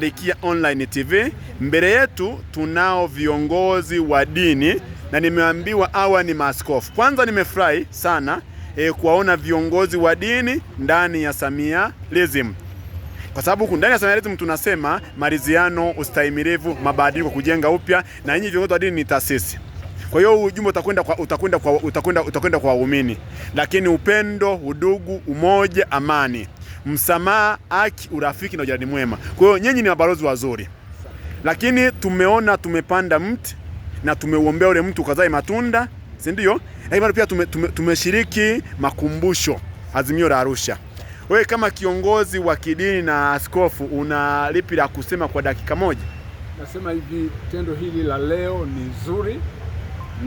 Marikia Online TV. Mbele yetu tunao viongozi wa dini na nimeambiwa hawa ni maaskofu. Kwanza nimefurahi sana e, kuwaona viongozi wa dini ndani ya Samia kwa sababu ndani ya Samia tunasema maridhiano, ustahimilivu, mabadiliko, kujenga upya, na nyinyi viongozi wa dini ni taasisi kwa hiyo ujumbe utakwenda kwa utakwenda kwa utakwenda utakwenda kwa waumini, lakini upendo, udugu, umoja, amani msamaha, haki, urafiki na ujirani mwema. Kwa hiyo nyinyi ni mabalozi wazuri, lakini tumeona tumepanda mti na tumeuombea ule mtu ukazae matunda, si ndio? Lakini pia tumeshiriki tume, tume makumbusho Azimio la Arusha. Wewe kama kiongozi wa kidini na askofu, una lipi la kusema kwa dakika moja? Nasema hivi, tendo hili la leo ni nzuri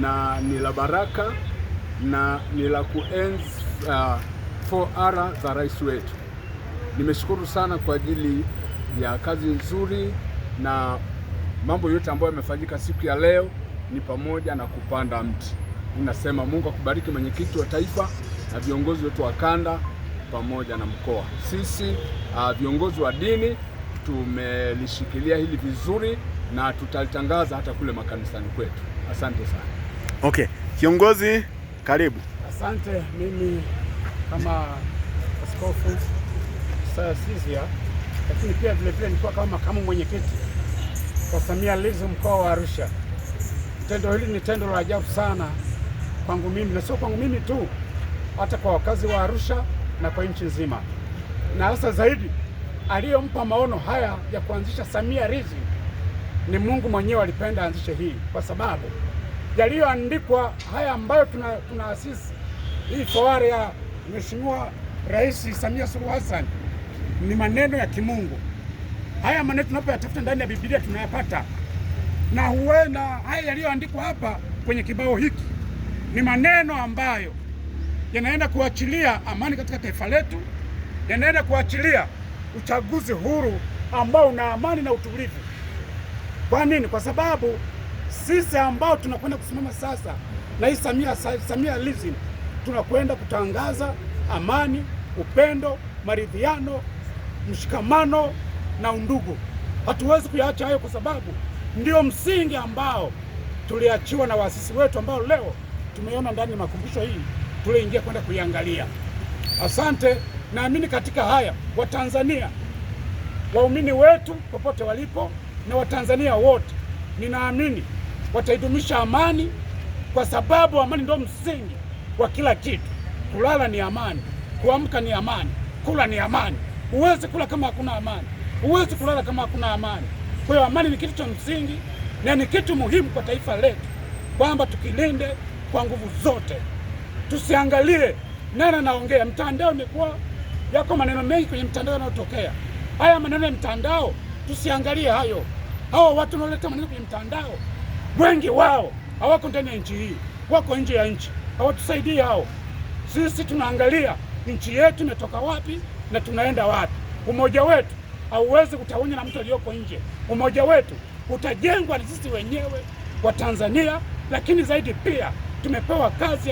na ni la baraka na ni la kuenzi uh, 4R za rais wetu. Nimeshukuru sana kwa ajili ya kazi nzuri na mambo yote ambayo yamefanyika siku ya leo ni pamoja na kupanda mti. Ninasema Mungu akubariki mwenyekiti wa taifa na viongozi wetu wa kanda pamoja na mkoa. Sisi uh, viongozi wa dini tumelishikilia hili vizuri na tutalitangaza hata kule makanisani kwetu. Asante sana. Okay, kiongozi karibu. Asante. Mimi kama askofu ya lakini pia vilevile nilikuwa kama makamu mwenyekiti kwa Samia Lizu mkoa wa Arusha. Tendo hili ni tendo la ajabu sana kwangu mimi, na sio kwangu mimi tu, hata kwa wakazi wa Arusha na kwa nchi nzima, na hasa zaidi aliyompa maono haya ya kuanzisha Samia Rizi ni Mungu mwenyewe alipenda anzishe hii, kwa sababu yaliyoandikwa haya ambayo tuna, tuna asisi hii fawari ya Mheshimiwa Rais Samia Suluhu Hassan ni maneno ya kimungu. Haya maneno tunapoyatafuta ndani ya Biblia tunayapata, na huenda haya yaliyoandikwa hapa kwenye kibao hiki ni maneno ambayo yanaenda kuachilia amani katika taifa letu, yanaenda kuachilia uchaguzi huru ambao una amani na utulivu. Kwa nini? Kwa sababu sisi ambao tunakwenda kusimama sasa na hii Samia, Samia Lizin, tunakwenda kutangaza amani, upendo, maridhiano mshikamano na undugu. Hatuwezi kuyaacha hayo, kwa sababu ndio msingi ambao tuliachiwa na waasisi wetu, ambao leo tumeona ndani ya makumbusho hii tuliingia kwenda kuiangalia. Asante, naamini katika haya Watanzania, waumini wetu popote walipo na Watanzania wote, ninaamini wataidumisha amani, kwa sababu amani ndio msingi wa kila kitu. Kulala ni amani, kuamka ni amani, kula ni amani. Huwezi kula kama hakuna amani, huwezi kulala kama hakuna amani. Kwa hiyo amani ni kitu cha msingi na ni kitu muhimu kwa taifa letu, kwamba tukilinde kwa nguvu zote, tusiangalie nani anaongea. Mtandao imekuwa yako maneno mengi kwenye mtandao yanayotokea haya maneno ya mtandao, tusiangalie hayo. Hawa watu wanaoleta maneno kwenye mtandao wengi wao hawako ndani ya nchi hii, wako nje ya nchi, hawatusaidii hao. Sisi tunaangalia nchi yetu imetoka wapi, na tunaenda wapi. Umoja wetu hauwezi kutawanywa na mtu aliyoko nje. Umoja wetu utajengwa na sisi wenyewe wa Tanzania, lakini zaidi pia tumepewa kazi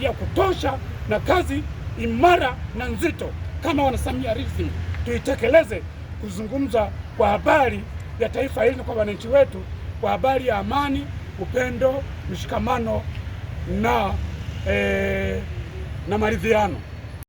ya kutosha na kazi imara na nzito kama wanasamia rithi, tuitekeleze kuzungumza kwa habari ya taifa hili kwa wananchi wetu, kwa habari ya amani, upendo, mshikamano na, eh, na maridhiano.